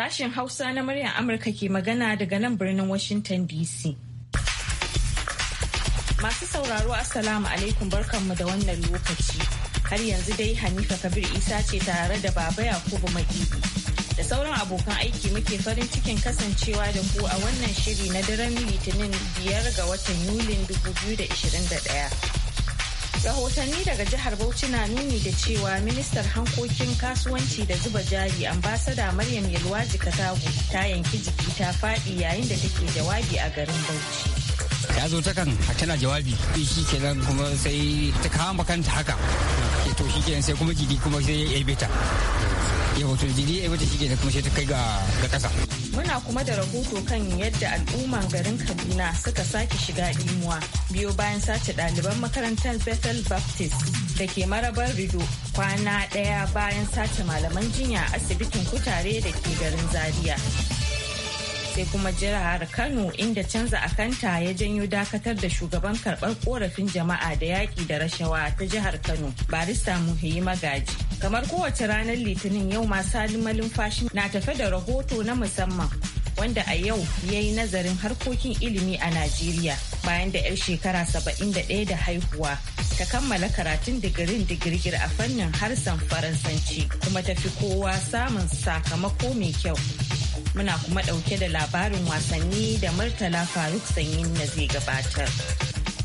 Sashen Hausa na muryar Amurka ke magana daga nan birnin Washington DC. Masu sauraro Assalamu alaikum barkanmu da wannan lokaci. Har yanzu dai Hanifa Kabir Isa ce tare da Baba Yakubu Maƙibi. Da sauran abokan aiki muke farin cikin kasancewa da ku a wannan shiri na daren Litinin biyar ga watan Yulin 2021. rahotanni daga jihar bauchi na nuni da cewa ministar hankokin kasuwanci da zuba jari ambasada maryam yalwaji katagu ta yanki jiki ta faɗi yayin da take jawabi a garin bauchi ya zo ta kan tana jawabi eh, shi kenan kuma sai ta kama kanta haka eh, to shi kenan sai kuma jiri kuma sai ya beta hmm. ya hoto jiri ya beta shi kenan kuma sai ta kai ga kasa Muna kuma da rahoto kan yadda al'umman garin Kaduna suka sake shiga imuwa biyo bayan sace ɗaliban makarantar Bethel Baptist da ke marabar Rido kwana ɗaya bayan sace malaman jinya a asibitin kutare da ke garin Zaria. sai kuma jihar kano inda canza akanta ya janyo dakatar da shugaban karɓar korafin jama'a da yaƙi da rashawa ta jihar kano barista muhimmi magaji Kamar kowace ranar Litinin yau masu halin fashi na tafe da rahoto na musamman wanda a yau ya yi nazarin harkokin ilimi a Najeriya bayan da 'yar shekara 71 da haihuwa ta kammala karatun digirin digirgir a fannin harsan Faransanci kuma tafi kowa samun sakamako mai kyau. Muna kuma ɗauke da labarin wasanni da Murtala Faruk Sanyin na zai gabatar.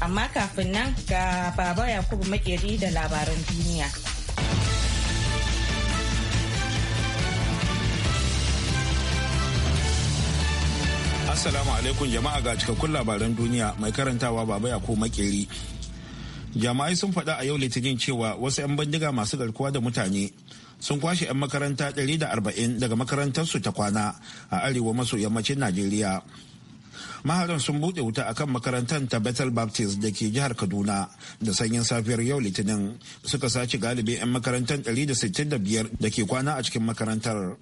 Amma kafin nan ga Baba Yakubu Makeri da labaran duniya. Assalamu alaikum jama'a ga cikakkun labaran duniya mai karantawa baba ya ko makeri. Jama'ai sun faɗa a yau litinin cewa wasu 'yan bindiga masu garkuwa da mutane sun kwashe 'yan makaranta 140 daga makarantarsu ta kwana a arewa maso yammacin Najeriya. maharan sun buɗe wuta a kan makarantar ta Bethel Baptist da ke jihar Kaduna da sanyin safiyar yau Litinin suka sace galibi 'yan makarantar 165 da ke kwana a cikin makarantar.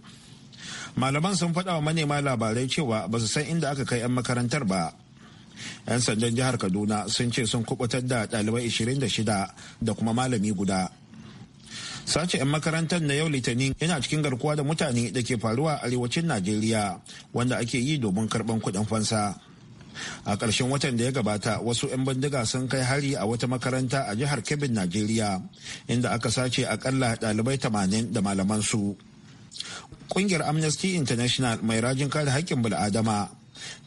malaman sun faɗa wa manema labarai cewa ba su san inda aka kai 'yan makarantar ba 'yan sandan jihar kaduna sun ce sun kubutar da ɗalibai 26 da kuma malami guda sace 'yan makarantar na yau litinin yana cikin garkuwa da mutane da ke faruwa a arewacin najeriya wanda ake yi domin karban kuɗin fansa a ƙarshen watan da ya gabata wasu 'yan bindiga sun kai hari a wata makaranta a jihar kebbi najeriya inda aka sace akalla ɗalibai 80 da malamansu. su Kungiyar Amnesty International mai rajin kare haƙƙin bil'adama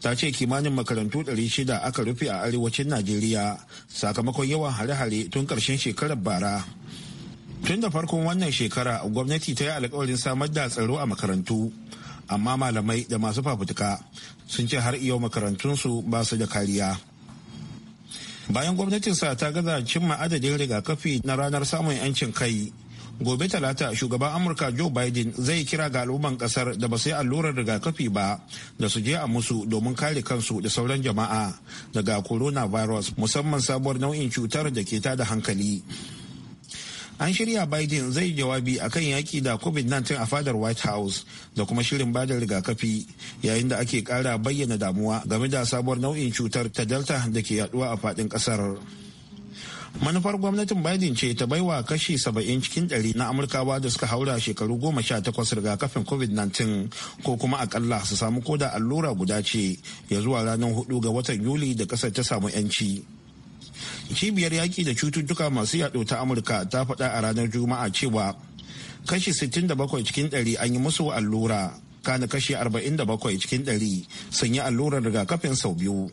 ta ce kimanin makarantu 600 aka rufe a arewacin Najeriya sakamakon yawan hare-hare tun karshen shekarar bara. Tun da farkon wannan shekara gwamnati ta yi alkawarin samar da tsaro a makarantu, amma malamai da masu fafutuka sun ce har iyo makarantun su ba su da kariya. Bayan gwamnatinsa ta gaza cimma adadin rigakafi na ranar samun 'yancin kai. gobe talata shugaban amurka joe biden zai kira ga al'umman kasar da ba su yi allurar rigakafi ba da su je a musu domin kare kansu da sauran jama'a daga coronavirus musamman sabuwar nau'in cutar da ke tada hankali an shirya biden zai jawabi akan yaki da covid-19 a fadar white house da kuma shirin bada rigakafi yayin da ake kara bayyana damuwa game da sabuwar nau'in cutar ta delta da ke yaduwa a fadin kasar. manufar gwamnatin biden ce ta baiwa kashi 70 cikin dari na amurkawa da suka haura shekaru 18 rigakafin covid-19 ko kuma akalla su samu koda allura guda ce ya zuwa ranar hudu ga watan yuli da kasar ta samu 'yanci cibiyar yaki da cututtuka masu yaɗo ta amurka ta faɗa a ranar juma'a cewa kashi 67 cikin dari an yi musu allura kana kashi 47 cikin 100 sun yi allurar rigakafin sau biyu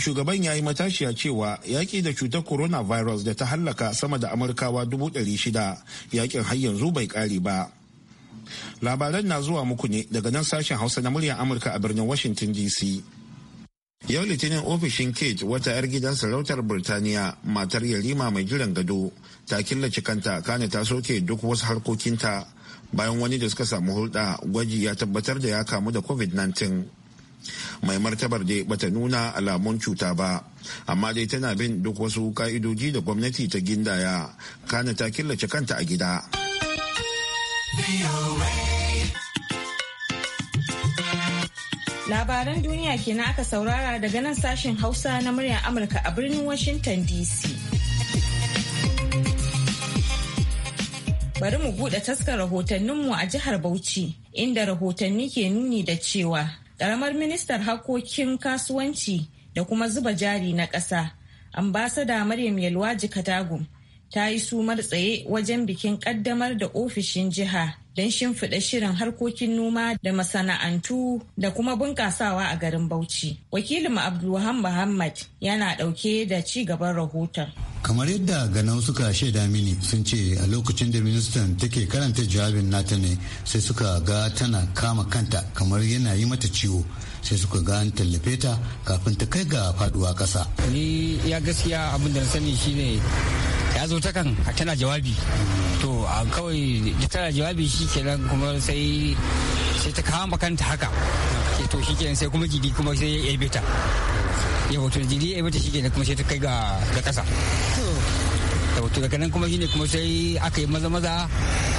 shugaban ya yi matashiya cewa yaƙi da cutar coronavirus da ta hallaka sama da amurkawa 600 yaƙin har yanzu bai ƙare ba labaran na zuwa muku ne daga nan sashen hausa na muryar amurka a birnin washington dc yau litinin ofishin kate wata 'yar gidan sarautar birtaniya matar yarima mai jiran gado ta killace kanta kane ta soke duk wasu harkokinta bayan wani da suka samu hulɗa gwaji ya tabbatar da ya kamu da covid-19 mai martabar dai bata nuna alamun cuta ba amma dai tana bin duk wasu ka'idoji da gwamnati ta gindaya kana ta killace kanta a gida labaran duniya kenan aka saurara daga nan sashen hausa na muryar amurka a birnin washington dc bari mu buɗe taskar rahotanninmu a jihar bauchi inda rahotanni ke nuni da cewa Ƙaramar ministar harkokin kasuwanci da kuma zuba jari na ƙasa, ambasada Maryam Yalwaji Katagum ta yi sumar tsaye wajen bikin ƙaddamar da ofishin jiha don shimfiɗa shirin harkokin noma da masana'antu da kuma bunƙasawa a garin Bauchi. Wakilin Abdulluhan Muhammad yana ɗauke da ci gaban rahoton. kamar yadda ganau suka shaida mini sun ce a lokacin da ministan take karanta jawabin nata ne sai suka ga tana kama kanta kamar yana yi mata ciwo sai suka ga an tallafe ta kafin ta kai ga faduwa kasa ni ya gaskiya abin da na sani shine ya zo ta kan tana jawabi to a kawai tana jawabi shi kenan kuma sai ta kama kanta haka to shi kenan sai kuma gidi kuma sai ya yabe ta yawa to gidi ya yabe ta shi kenan kuma sai ta kai ga kasa ya to daga nan kuma shine kuma sai aka yi maza maza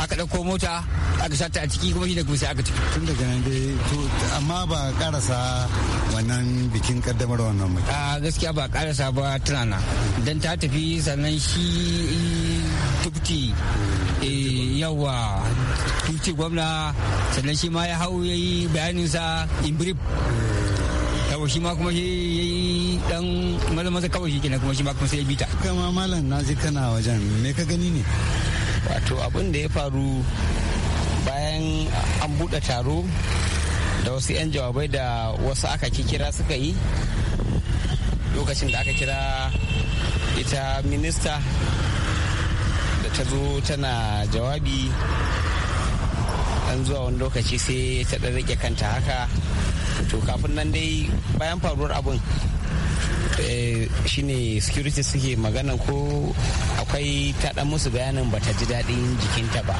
aka ɗauko mota aka sa ta a ciki kuma shine kuma sai aka tafi tun daga nan dai to amma ba karasa wannan bikin kaddamar wannan mutum a gaskiya ba karasa ba tunana dan ta tafi sannan shi eh, tubti eh, yawa tuce gwamna sannan shi ma ya hau ya yi bayaninsa in brief yawo shi ma kuma ya yi dan maza maza kawai shi kina kuma shi ma kuma sai ya bita kama malam na ji kana wajen me ka gani ne wato abin da ya faru bayan an buɗe taro da wasu 'yan jawabai da wasu aka kira suka yi lokacin da aka kira ita minista da ta zo tana jawabi dan zuwa wani lokaci sai ta ɗan rike kanta haka to kafin nan dai bayan faruwar abin eh, shine security suke magana ko akwai ta ɗan musu bayanin ba ta ji daɗin jikinta ba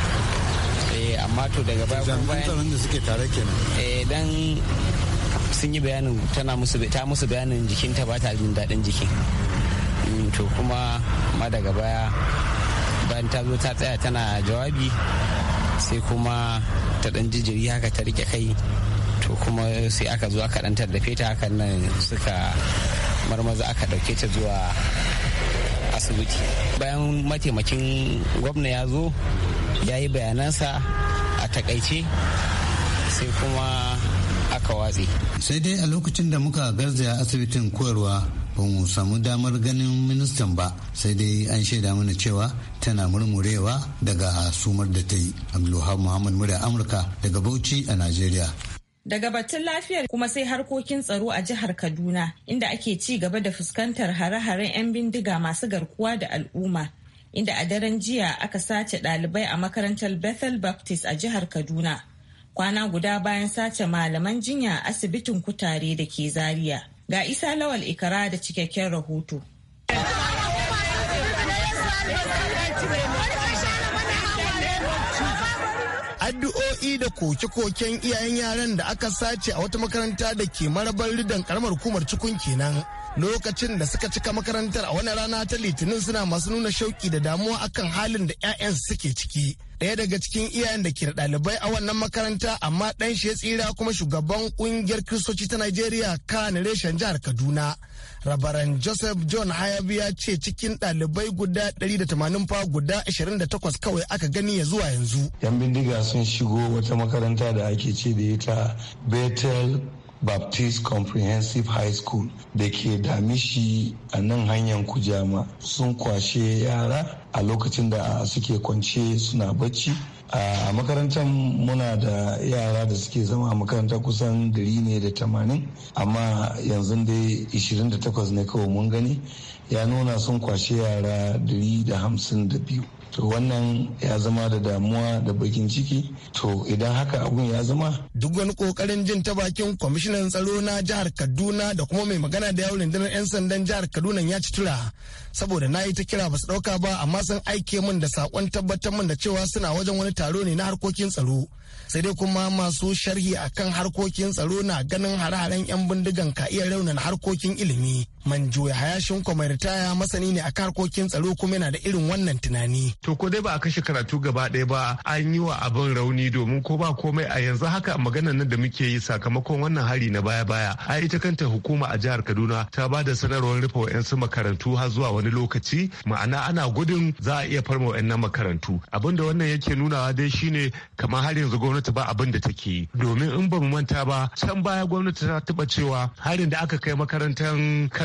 eh, amma to daga baya kuma bayan tsaron da suke tare kenan eh, dan sun yi bayanin tana musu ta musu bayanin jikinta ba ta jin daɗin jikin mm, to kuma ma daga baya bayan ta zo ta tsaya tana jawabi sai kuma ta dan jijiri haka ta rike kai to kuma sai aka zo aka dan tardafe ta hakan nan suka marmaza aka dauke ta zuwa asibiti bayan mataimakin gwamna ya zo ya yi bayanansa a takaice sai kuma aka watse sai dai a lokacin da muka garzaya asibitin koyarwa ba mu samu damar ganin ministan ba sai dai an shaida mana cewa tana murmurewa daga sumar da ta yi abdulwahab muhammad murya amurka daga bauchi a najeriya Daga batun lafiyar kuma sai harkokin tsaro a jihar Kaduna inda ake ci gaba da fuskantar hare-haren 'yan bindiga masu garkuwa da al'umma. Inda a daren jiya aka sace ɗalibai a makarantar Bethel Baptist a jihar Kaduna. Kwana guda bayan sace malaman jinya a asibitin kutare da ke Zaria. Ga Isa Lawal Ikara da cikakken rahoto. addu'o'i da koke-koken iyayen yaran da aka sace a wata makaranta da ke marabar ridan karamar hukumar cikun kenan lokacin da suka cika makarantar a wani rana ta litinin suna masu nuna shauki da damuwa akan halin da 'ya'yan suke ciki ɗaya daga cikin iyayen da ke da ɗalibai a wannan makaranta amma ɗan shi ya tsira kuma shugaban ƙungiyar kristoci ta najeriya kan reshen jihar kaduna rabaran joseph john hayabi ya ce cikin ɗalibai guda 180 fa guda 28 kawai aka gani ya zuwa yanzu yan bindiga sun shigo wata makaranta da ake ce da ita betel. baptist comprehensive high school da ke damishi a nan hanyar kujama sun kwashe yara a lokacin da suke kwance suna bacci a makarantar muna da yara da suke zama a makaranta kusan gari ne da tamanin amma yanzu dai 28 ne kawai mun gani ya nuna sun kwashe yara 152 to wannan ya zama da damuwa da bakin ciki to idan haka abun ya zama duk wani kokarin jin ta bakin kwamishinan tsaro na jihar kaduna da kuma mai magana da yawon rundunar 'yan sandan jihar kaduna ya ci tura saboda na yi ta kira ba su dauka ba amma sun aike min da sakon tabbatar min da cewa suna wajen wani taro ne na harkokin tsaro sai dai kuma masu sharhi akan harkokin tsaro na ganin hare-haren 'yan bindigan ka iya raunin harkokin ilimi man juya hayashin kuma ritaya masani ne a harkokin tsaro kuma yana da irin wannan tunani. To ko dai ba a kashe karatu gaba ɗaya ba an yi wa abin rauni domin ko ba komai a yanzu haka maganar nan da muke yi sakamakon wannan hari na baya-baya. A ita kanta hukuma a jihar Kaduna ta ba da sanarwar rufe wa'yansu makarantu har zuwa wani lokaci ma'ana ana gudun za a iya farma wa'yannan makarantu. Abin da wannan yake nunawa dai shine kamar har yanzu gwamnati ba abin da take yi. Domin in ba mu manta ba can baya gwamnati ta taba cewa harin da aka kai makarantar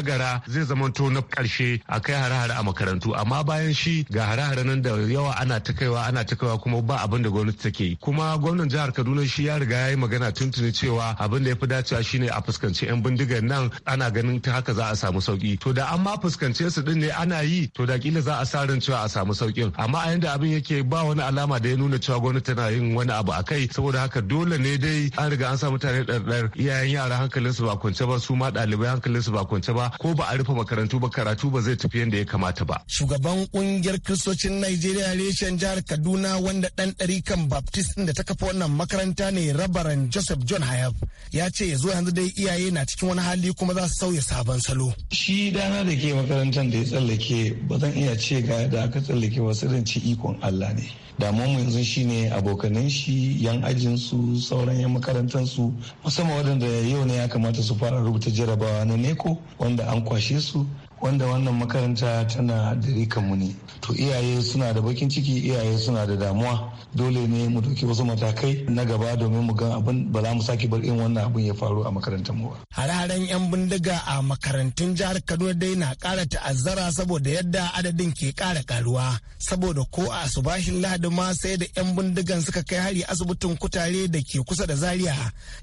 gara zai zamanto na karshe a kai hare-hare a makarantu amma bayan shi ga hare-hare nan da yawa ana ta kaiwa ana ta kaiwa kuma ba abin da gwamnati take yi kuma gwamnan jihar kaduna shi ya riga ya yi magana tuntuni cewa abin da ya fi dacewa shine a fuskanci yan bindigar nan ana ganin ta haka za a samu sauki to da an ma fuskance su din ne ana yi to da kila za a sa ran cewa a samu saukin amma a yanda abin yake ba wani alama da ya nuna cewa gwamnati tana yin wani abu a kai saboda haka dole ne dai an riga an sa mutane ɗarɗar iyayen yara hankalinsu ba kwance ba su ma ɗalibai hankalinsu ba kwance ba ko ba a rufe makarantu ba karatu ba zai tafi yadda ya kamata ba. Shugaban kungiyar Kiristocin nigeria reshen jihar Kaduna wanda ɗan ɗari kan Baptist da ta kafa wannan makaranta ne rabaran Joseph John Hayab ya ce ya zo yanzu dai iyaye na cikin wani hali kuma za su sauya sabon salo. Shi dana da ke makarantar da ya tsallake ba zan iya ce ga da aka tsallake wasu ce ikon Allah ne. damuwa mu yanzu shine abokanan shi yan ajin su sauran yan makarantar su musamman waɗanda yau ne ya kamata su fara rubuta jarabawa na neko wanda an kwashe su wanda wannan makaranta tana da rika ne to iyaye suna da bakin ciki iyaye suna da damuwa dole ne mu dauki wasu matakai na gaba domin mu gan abin ba za mu sake bar irin wannan abin ya faru a makarantar mu ba hare yan bindiga a makarantun jihar Kaduna dai na kara ta'azzara saboda yadda adadin ke kara karuwa saboda ko a subashin Lahadi ma sai da yan bindigan suka kai hari asibitin kutare da ke kusa da Zaria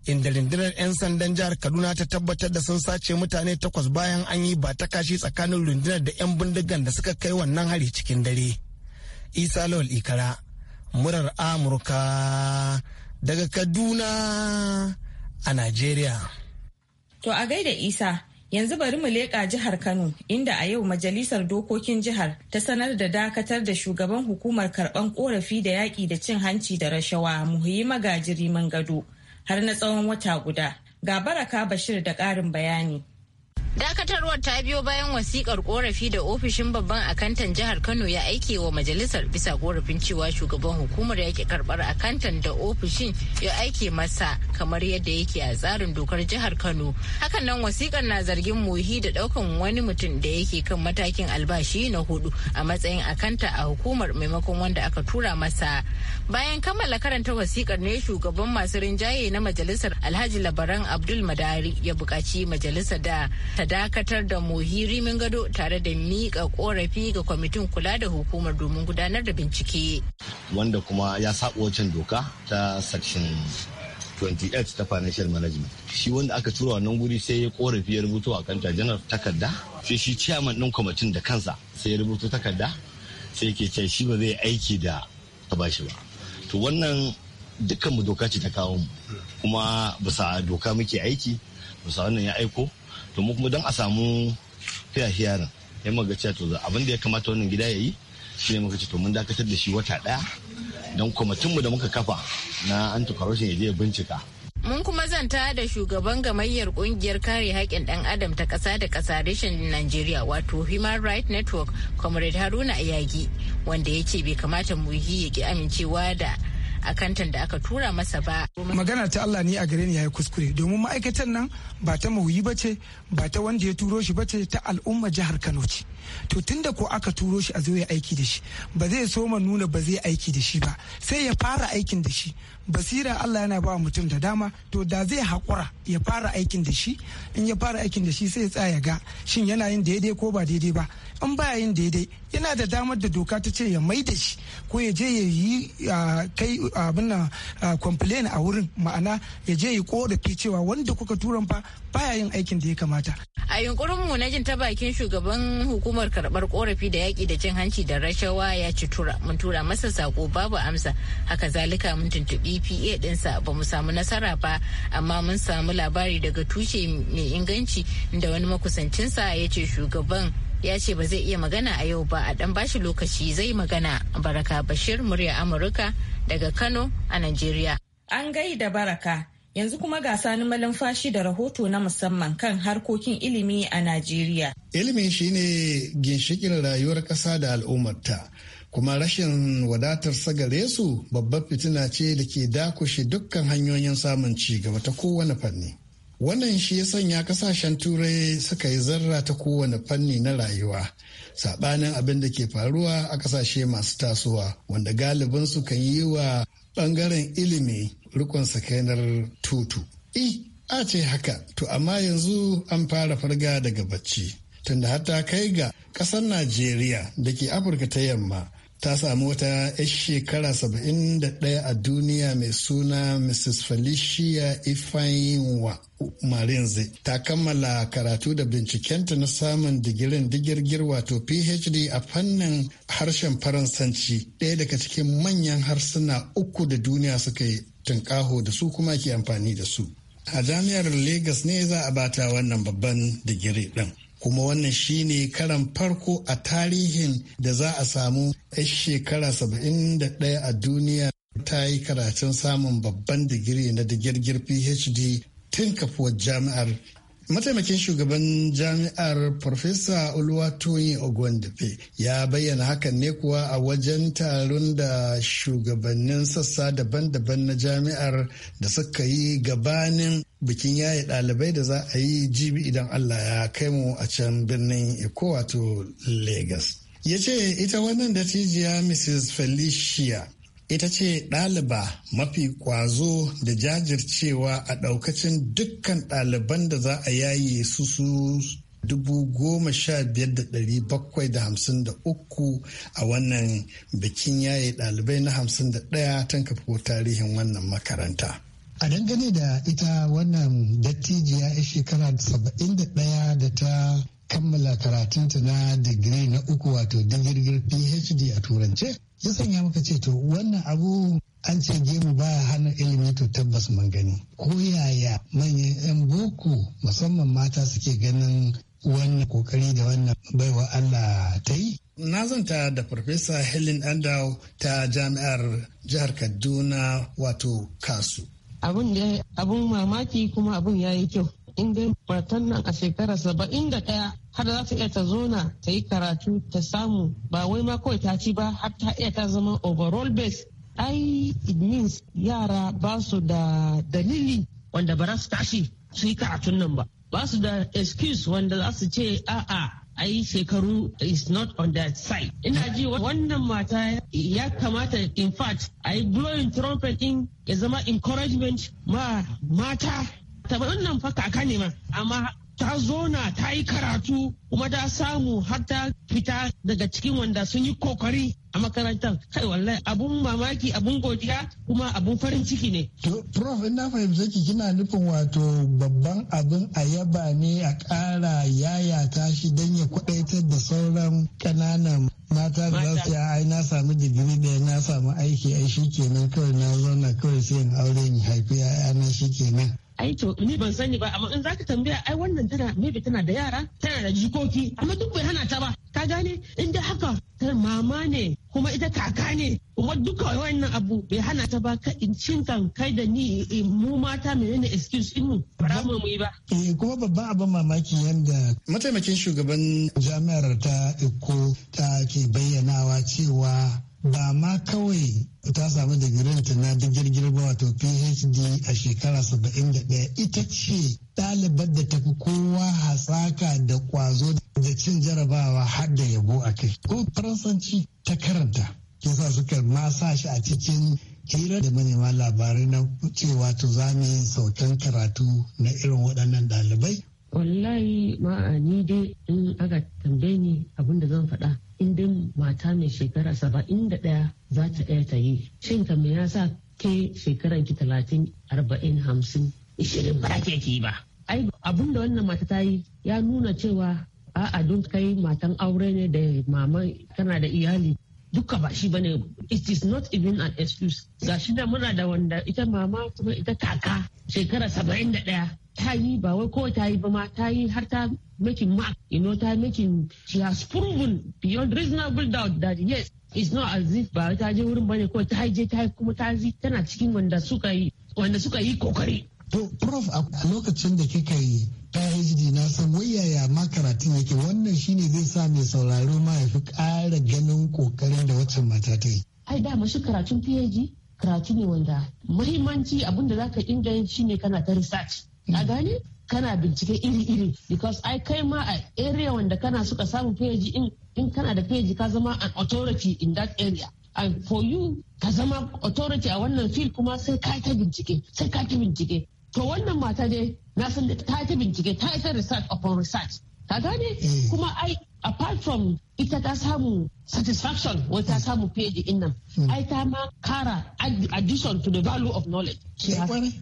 inda rindinar yan sandan jihar Kaduna ta tabbatar da sun sace mutane takwas bayan an yi ba ta kashi tsakanin tsakanin rundunar da 'yan bindigan da suka kai wannan hari cikin dare isa lawal ikara murar amurka daga kaduna a najeriya to a gaida isa yanzu bari mu leƙa jihar kano inda a yau majalisar dokokin jihar ta sanar da dakatar da shugaban hukumar karɓan korafi da yaƙi da cin hanci da rashawa muhimmi magajiri man gado har na tsawon wata guda ga baraka bashir da ƙarin bayani Dakatarwar ta biyo bayan wasikar korafi da ofishin babban akantan jihar Kano ya aike wa majalisar bisa korafin cewa shugaban hukumar ya ke karbar akantan da ofishin ya aike masa kamar yadda yake a tsarin dokar jihar Kano. Hakan nan wasikar na zargin muhi da daukan wani mutum da yake kan matakin albashi na hudu a matsayin akanta a hukumar maimakon wanda aka tura masa. Bayan kammala karanta wasikar ne shugaban masu rinjaye na majalisar Alhaji Labaran Abdul Madari ya bukaci majalisa da ta dakatar da muhiri min gado tare da miƙa korafi ga kwamitin kula da hukumar domin gudanar da bincike. Wanda kuma ya saɓa wancan doka ta section 28 ta financial management. Shi wanda aka tura wannan guri sai ya korafi ya rubuto a kanta janar takarda. Sai shi ciyaman ɗin kwamitin da kansa sai ya rubuto takarda sai ke ce shi ba zai aiki da ta bashi ba. To wannan dukkan mu doka ce ta kawo mu kuma bisa doka muke aiki bisa wannan ya aiko to mu kuma don a samu fiya hiyarin ya maga cewa to abin da ya kamata wannan gida ya yi shi ne muka ce to mun dakatar da shi wata daya don kwamitinmu da muka kafa na anti-corruption ya je ya bincika Mun kuma zanta da shugaban gamayyar kungiyar kare haƙƙin ɗan adam ta ƙasa da ƙasa reshen Najeriya wato Human Rights Network, Comrade Haruna Ayagi, wanda ya ce bai kamata mu yi yaƙi amincewa da akantan da aka tura masa ba. Magana ta Allah ne a gare ni yayi kuskure domin ma'aikatan nan ba ta mawuyi ba ce ba ta wanda ya turo shi ba ce ta al'umma jihar Kano ce. To tunda ko aka turo shi a zo ya aiki da shi ba zai so ma nuna ba zai aiki da shi ba sai ya fara aikin da shi basira Allah yana ba mutum da dama to da zai haƙura ya fara aikin da shi in ya fara aikin da shi sai ya tsaya ga shin yana yin daidai ko ba daidai ba in ba yin daidai yana da damar da doka ta ce ya mai da shi ko ya je ya yi kai abin na complain a wurin ma'ana ya je ya korafi cewa wanda kuka turan fa baya yin aikin da ya kamata a yunkurin mu na jin ta bakin shugaban hukumar karbar korafi da yaki da cin hanci da rashawa ya ci tura mun tura masa sako babu amsa haka zalika mun tuntubi PA dinsa ba mu samu nasara ba amma mun samu labari daga tushe mai inganci da wani makusancinsa ya ce shugaban ya ce ba zai iya magana a yau ba a dan bashi lokaci zai magana baraka bashir murya amurka daga kano a nigeria an gaida baraka yanzu kuma ga sani malumfashi da rahoto na musamman kan harkokin ilimi a najeriya ilimi shine ginshikin rayuwar ƙasa da al'ummarta kuma rashin wadatar sagare su babbar fitina ce da ke dakushe dukkan hanyoyin samun ci gaba ta kowane fanni Wannan shi ya sanya kasashen turai suka yi zarra ta kowane fanni na rayuwa. Saɓanin abin da ke faruwa a kasashe masu tasowa wanda galibin su kan yi wa ɓangaren ilimi rikon sakainar tutu. I, a ce haka, to amma yanzu an fara farga daga bacci. Tunda hatta kai ga ƙasar Najeriya da ke Afirka ta yamma ta samu wata 'yar shekara 71 a duniya mai suna Mrs. Felicia Ifeanyiwa Marinze. Ta kammala karatu da bincikenta na samun digirin digirgir wato PhD a fannin harshen Faransanci, ɗaya daga cikin manyan harsuna uku da duniya suka yi tunƙaho da su kuma ke amfani da su. A jami'ar Legas ne za a bata wannan babban digiri ɗin. kuma wannan shine karan farko a tarihin da za a samu a shekara 71 a duniya ta yi karatun samun babban digiri na digirgir phd tun kafuwar jami'ar Mataimakin shugaban jami'ar Farfesa Oluwatoyin Ogwandefe ya bayyana hakan ne kuwa a wajen taron da shugabannin sassa daban-daban na jami'ar da suka yi gabanin bikin yaye ɗalibai da za a yi jibi idan Allah ya kai mu a can birnin Eko wato Legas. Ya ce ita wannan dattijiya Mrs. Felicia ita ce ɗaliba mafi kwazo da jajircewa a ɗaukacin dukkan ɗaliban da za a yaye su su dubu goma sha biyar da ɗari bakwai da hamsin da uku a wannan bikin yaye ɗalibai na hamsin da ɗaya tan kafo tarihin wannan makaranta. a dangane da ita wannan dattijiya ya shekara 71 da ta kammala karatunta na digiri na uku wato digirgir phd a turance ya sanya maka ce to wannan abu an ce gemu ba hana ilimi to tabbas man gani ko yaya manyan 'yan boko musamman mata suke ganin wannan kokari da wannan baiwa allah ta yi na zanta da farfesa helen andrew ta jami'ar jihar kaduna wato kasu abun da abun mamaki kuma abun ya yi kyau in dai matan nan a shekara saba'in da ɗaya har za ta iya ta zona ta yi karatu ta samu ba wai ma kawai ta ci ba har ta iya ta zama overall base ai it means yara ba su da dalili wanda ba za su tashi su yi karatun nan ba ba su da excuse wanda za su ce a'a ai shekaru is not on that side ina ji wannan mata ya kamata in fact ai blowing trumpet din ya zama encouragement ma mata ta wannan faka kaka ne ma amma ta zona ta yi karatu kuma ta samu har ta fita daga cikin wanda sun yi kokari a makarantar kai wallahi abun mamaki abun godiya kuma abun farin ciki ne. To prof na fahimta ki kina nufin wato babban abin a yaba ne a yaya yayata shi don ya kwadaitar da sauran kananan mata da za su ai na samu digiri da na samu aiki ai shi kenan kawai na zauna kawai sai in aure in haifi na shi kenan. ai to ni ban sani ba amma in zaka tambaya ai wannan tana maybe tana da yara tana da jikoki amma duk bai hana ta ba ka gane in da haka tana mama ne kuma ita kaka ne kuma duka wannan abu bai hana ta ba ka in cin kan kai da ni eh, mu mata menene excuse din mu ba mu yi ba eh kuma babban abin mamaki yanda mataimakin shugaban jami'ar ta Eko ta ke bayyanawa cewa ba ma kawai ta samu digirinta na digirgir ba wato phd a shekara 71 ita ce ɗalibar da tafi kowa hasaka da kwazo da cin jarabawa har da yabo a kai ko faransanci ta karanta sa suka ma sa shi a cikin hira da manema labarai na cewa to za mu yi sautan karatu na irin waɗannan ɗalibai wallahi ma'ani dai in aka tambaye ni abin da zan faɗa indin mata mai shekara saba'in da ɗaya za ta ɗaya ta yi shin ka ya sa ke shekaran ki talatin arba'in hamsin ishirin ba ke ki ba ai abin da wannan mata ta yi ya nuna cewa a'a don kai matan aure ne da mama kana da iyali duka ba shi bane it is not even an excuse ga shi da muna da wanda ita mama kuma ita kaka shekara saba'in da ɗaya ta yi ba wai ko ta yi ba ma ta yi har ta making mark you know ta making she has proven beyond reasonable doubt that yes it's not as if ba ta je wurin bane kowa ta je ta kuma ta zi tana cikin wanda suka yi wanda suka yi kokari to prof a lokacin da kika yi PhD na san wayaya ma karatun yake wannan shine zai sa mai sauraro ma ya fi ƙara ganin kokarin da waccan mata ta yi ai da shi karatun PhD karatu ne wanda muhimmanci abinda zaka inda shine kana ta research a gani kana bincike iri-iri because ai kai ma a area wanda kana suka samu feji in in kana da feji ka zama an authority in that area and for you ka zama authority a wannan field kuma sai ka ta bincike sai ka ta bincike to wannan mata dai na san da ta ta bincike ta ita research upon research ka gani mm. kuma ai apart from ita ta samu satisfaction wai ta samu PhD in nan hmm. ai ta ma kara addition to the value of knowledge eh,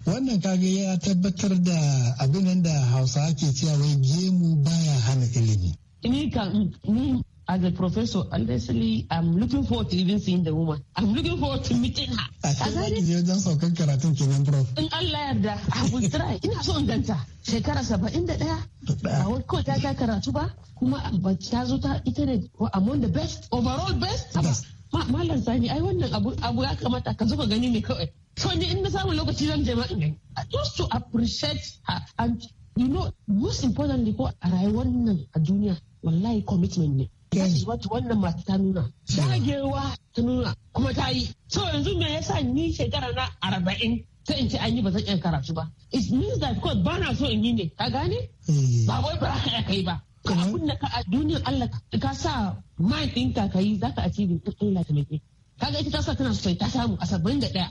wannan kage ya tabbatar da abin da Hausa ke cewa wai gemu baya hana ilimi ni ka ni as a professor, honestly, I'm looking forward to even seeing the woman. I'm looking forward to meeting her. A kan zaki je wajen saukan karatun kenan, Prof. In Allah yarda, I will try. Ina so in ganta. Shekara saba'in da ɗaya. Ba wai kawai ta ta karatu ba, kuma ta zo ta ita ne among the best, overall best. Malam Sani, ai wannan abu abu ya kamata ka zuba gani ne kawai. So ni in na samu lokaci zan je ma in Just to appreciate her and you know most importantly ko a rayuwar nan a duniya wallahi commitment ne. Yes, wata wannan mata ta nuna. Dagewa ta nuna kuma ta yi. So yanzu me yasa ni shekara na arba'in ta in ce an yi ba zan karatu ba. It means that God ba na so in yi ne, ka gane? Eh. Ba wai ba ka kai ba. Ka abin da ka a duniyar Allah ka sa mind ɗinka ka yi za ka achieve in Allah ta mai ga ita ta sa tana sosai ta samu a sabbin da ɗaya.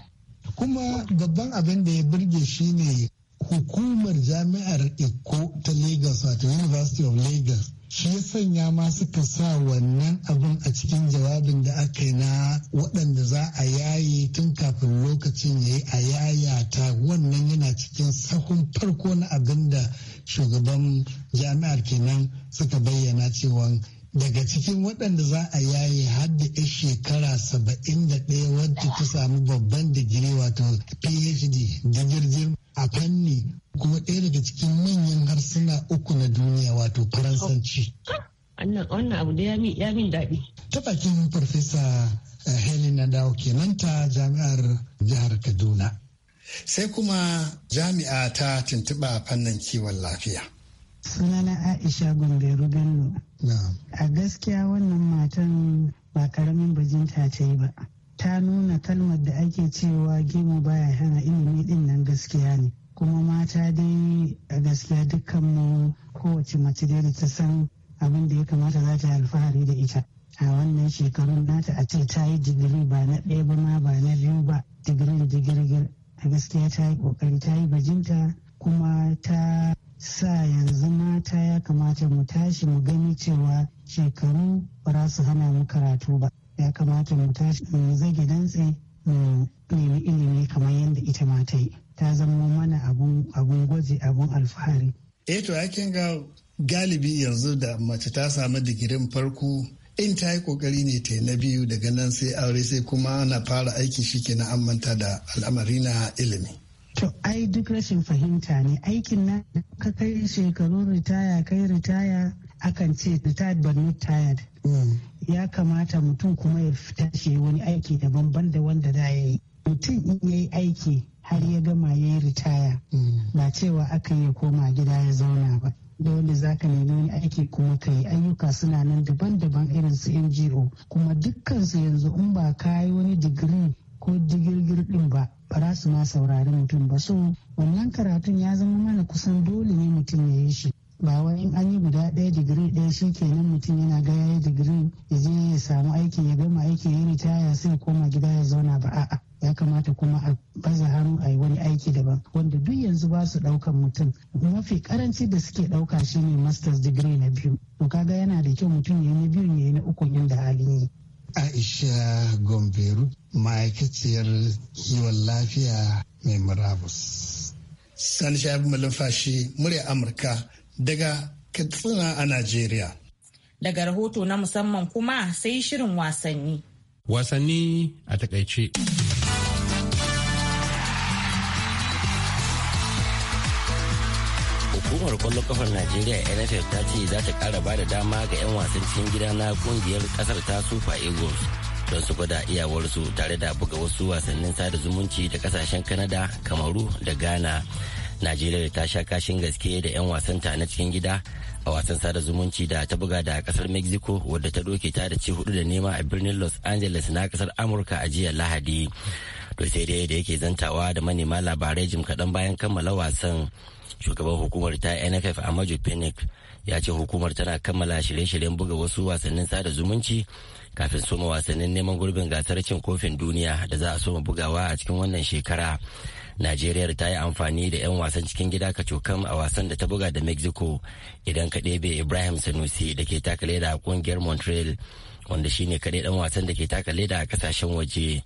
Kuma babban abin da ya burge shi ne hukumar jami'ar Eko ta Lagos wato University of Lagos shi ya sanya ma suka sa wannan abin a cikin jawabin da aka yi na waɗanda za a yaye tun kafin lokacin ya yi a yayata wannan yana cikin sahun farko na abin da shugaban jami'ar kenan suka bayyana cewa daga cikin waɗanda za a yaye har da ya shekara saba'in da ɗaya wadda ta samu babban digiri wato phd da jirgin a fanni kuma ɗaya daga cikin manyan harsuna uku na duniya wato faransanci. Wannan abu da ya min daɗi. Ta bakin Farfesa eh, Helena Dawo kenan ta jami'ar jihar Kaduna. Sai kuma jami'a ta tuntuɓa fannin kiwon lafiya. Suna na Aisha Gomberu Bello. A gaskiya wannan matan ba karamin bajinta ta yi ba. Ta nuna kalmar da ake cewa gemu baya hana ilimi ɗin nan gaskiya ne. kuma mata dai a gaskiya dukkanmu kowace mace dai da ta san abin da ya kamata za ta alfahari da ita a wannan shekarun nata a ce ta yi digiri ba na ɗaya ba ma ba na biyu ba da digirgir a gaskiya ta yi ƙoƙari ta yi bajinta kuma ta sa yanzu mata ya kamata mu tashi mu gani cewa shekaru ba su hana mu karatu ba ya kamata mu tashi mu zage dantse mu nemi ilimi kamar yadda ita ma ta yi. ta zama mana abun gwaji abun alfahari. eh to yakin ga galibi yanzu da mace ta samu digirin farko in ta yi kokari ne ta na biyu daga nan sai aure sai kuma na fara aiki shi na amanta da al'amari na ilimi. To ai duk rashin fahimta ne aikin na ka kai shekaru ritaya kai ritaya akan ce retired but not tired. Mm. Ya kamata mutum kuma ya fita shi wani aiki daban da wanda da ya yi. Mutum in ya yi aiki har ya gama ya yi ritaya mm. ba cewa aka yi koma gida ya zauna ba dole za ka nemi wani aiki kuma ka yi ayyuka suna nan daban-daban irin su ngo kuma dukkansu yanzu in ba ka yi wani digiri ko digirgir din ba ba su ma saurari mutum ba so wannan karatun ya zama mana kusan dole ne mutum ya yi shi ba wani in an yi guda ɗaya digiri ɗaya shi kenan mutum yana ga ya digiri ya je ya samu aiki ya gama aiki ya ritaya sai koma gida ya zauna ba a'a ya kamata kuma a baza hannu a yi wani aiki daban wanda duk yanzu ba su ɗaukan mutum mafi karanci da suke ɗauka shine masters degree na biyu to kaga yana da kyau mutum ya yi na biyu ya yi na uku inda halin yi aisha gomberu ma'aikaciyar kiwon lafiya mai murabus sani shabi malumfashi murya amurka daga katsina a najeriya daga rahoto na musamman kuma sai shirin wasanni wasanni a takaice hukumar kwallon kafar najeriya nff ta ce za ta kara ba da dama ga 'yan wasan cikin gida na kungiyar kasar ta sufa eagles don su gwada iyawarsu tare da buga wasu wasannin sada zumunci da kasashen kanada kamaru da ghana najeriya ta sha kashin gaske da 'yan wasanta na cikin gida a wasan sada zumunci da ta buga da kasar mexico wadda ta doke ta da ci hudu da nema a birnin los angeles na kasar amurka a jiya lahadi to sai dai da yake zantawa da manema labarai jim kaɗan bayan kammala wasan shugaban hukumar ta nff amaju phoenix ya ce hukumar tana kammala shirye-shiryen buga wasu wasannin sada zumunci kafin soma wasannin neman gurbin gasar cin kofin duniya da za a soma bugawa a cikin wannan shekara najeriya ta yi amfani da 'yan wasan cikin gida ka cokam a wasan da ta buga da mexico idan ka ɗebe ibrahim sanusi da ke takale a ƙungiyar montreal wanda shine kadai dan wasan da ke taka leda a kasashen waje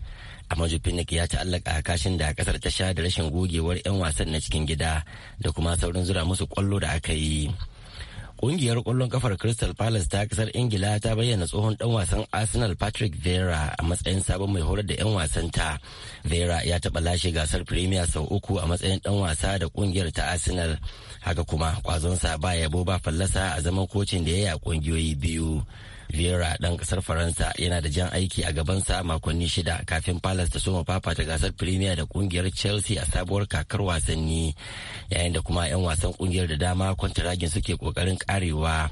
amma jupinik ya ta'allaka a kashin da kasar ta sha da rashin gogewar 'yan wasan na cikin gida da kuma saurin zura musu kwallo da aka yi kungiyar kwallon kafar crystal palace ta kasar ingila ta bayyana tsohon ɗan wasan arsenal patrick vera a matsayin sabon mai horar da 'yan wasan ta vera ya taɓa lashe gasar premier sau uku a matsayin ɗan wasa da kungiyar ta arsenal haka kuma kwazonsa ba yabo ba fallasa a zaman kocin da ya yi a kungiyoyi biyu Vera ɗan ƙasar Faransa yana da jan aiki a gabansa a makonni shida kafin Palace ta soma ta gasar Premier da ƙungiyar Chelsea a sabuwar kakar wasanni yayin da kuma 'yan wasan ƙungiyar da dama kwantaragin suke ƙoƙarin ƙarewa.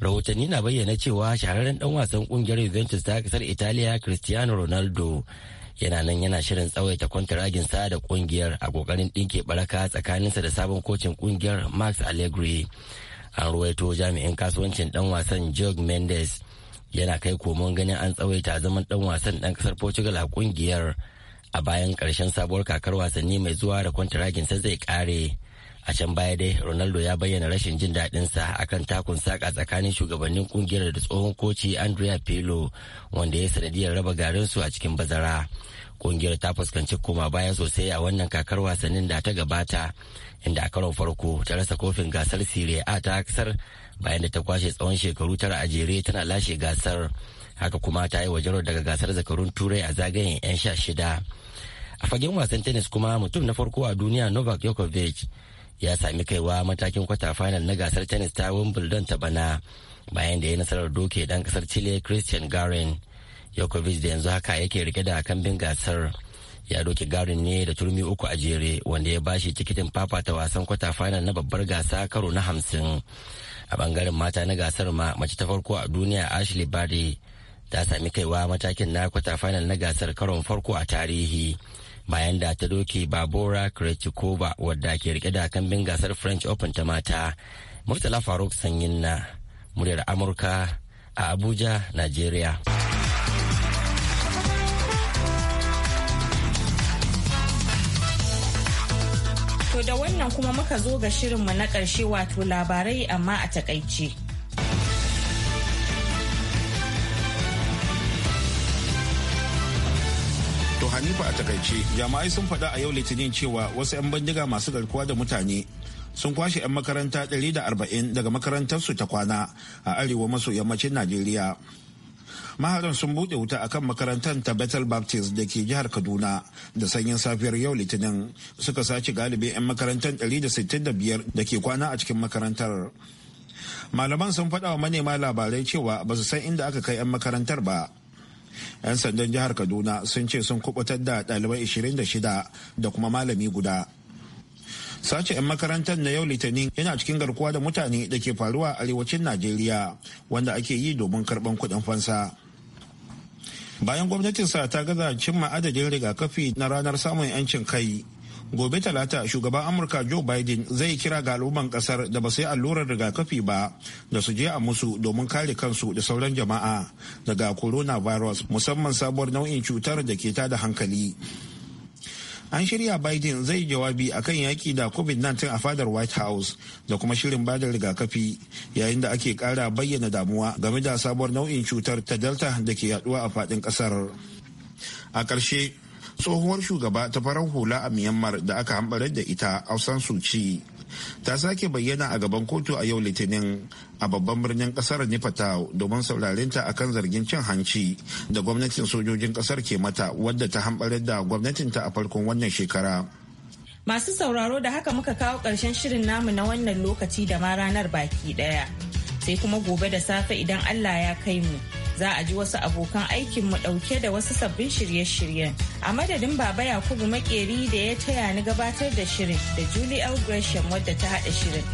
Rahotanni na bayyana cewa shahararren dan wasan ƙungiyar Juventus ta kasar Italiya Cristiano Ronaldo yana nan yana shirin tsawaita kwantaraginsa da ƙungiyar a kokarin ɗinke baraka tsakaninsa da sabon kocin ƙungiyar Max Allegri. an ruwaito jami'in kasuwancin dan wasan jorge mendes yana kai komon ganin an tsawaita zaman dan wasan dan kasar portugal a kungiyar a bayan karshen sabuwar kakar wasanni mai zuwa da kwantaraginsa zai kare a can baya dai ronaldo ya bayyana rashin jin daɗinsa akan takun saka tsakanin shugabannin kungiyar da tsohon koci andrea pelo wanda ya sanadiyar raba garin su a cikin bazara kungiyar ta fuskanci koma baya sosai a wannan kakar wasannin da ta gabata inda a karon farko ta rasa kofin gasar Serie A ta kasar bayan da ta kwashe tsawon shekaru tara a jere tana lashe gasar haka kuma ta yi wajen daga gasar zakarun turai a zagayen 'yan sha shida a fagen wasan tennis kuma mutum na farko a duniya novak djokovic ya sami kaiwa matakin kwata final na gasar tennis ta wimbledon ta bana bayan da ya nasarar doke dan kasar chile christian garin djokovic da yanzu haka yake rike da kambin gasar ya doke garin ne da turmi uku a jere wanda ya bashi tikitin ta wasan kwata final na babbar gasa karo na hamsin a bangaren mata na gasar ma mace ta farko a duniya ashley bade ta sami kaiwa matakin na kwata final na gasar karon farko a tarihi bayan da ta doke babora kretikova wadda ke rike da kambin gasar french open ta mata murtala faruk sanyin na muryar amurka a abuja nigeria. To da wannan kuma muka zo ga shirinmu na ƙarshe wato labarai amma a takaice. To Hanifa a takaice jama'ai sun faɗa a yau litinin cewa wasu 'yan bandiga masu garkuwa da mutane sun kwashe 'yan makaranta 140 daga makarantarsu ta kwana a arewa maso yammacin Najeriya. maharan sun bude wuta akan makarantar ta Bethel Baptist da ke jihar Kaduna da sanyin safiyar yau Litinin suka sace galibi 'yan makarantar 165 da ke kwana a cikin makarantar. Malaman sun faɗa wa manema labarai cewa ba su san inda aka kai 'yan makarantar ba. 'Yan sandan jihar Kaduna sun ce sun kubutar da ɗalibai 26 da kuma malami guda. sace 'yan makarantar na yau litinin yana cikin garkuwa da mutane da ke faruwa a arewacin najeriya wanda ake yi domin karban kuɗin fansa bayan gwamnatin sa ta gaza cimma adadin rigakafi na ranar samun 'yancin kai gobe talata shugaban amurka joe biden zai kira ga al'umman kasar da ba su yi allurar rigakafi ba da su je a musu domin kare kansu da sauran jama'a daga coronavirus musamman sabuwar nau'in cutar da ke tada hankali an shirya biden zai jawabi akan yaki da covid-19 a fadar white house da kuma shirin bada rigakafi yayin da ake kara bayyana damuwa game da sabuwar nau'in cutar ta delta da ke yaduwa a fadin kasar a ƙarshe tsohuwar shugaba ta farar hula a myanmar da aka hambarar da ita ausan suci ta sake bayyana a gaban kotu a yau litinin a babban birnin kasar nipatau domin saurarinta a kan zargin cin hanci da gwamnatin sojojin kasar ke mata wadda ta hambarar da gwamnatin ta a farkon wannan shekara masu sauraro da haka muka kawo ƙarshen shirin namu na wannan lokaci da ma ranar baki ɗaya sai kuma gobe da safe idan allah ya kai mu za a ji wasu abokan aikin mu ɗauke da wasu sabbin shirye-shiryen. A madadin Baba Yakubu Makeri da ya taya ni gabatar da shirin da Julie L. wadda ta haɗa shirin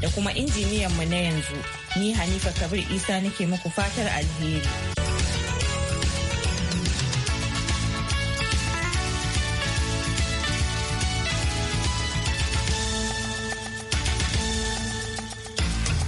da kuma injiniyan mu na yanzu. Ni Hanifa Kabir Isa nake muku fatar alheri.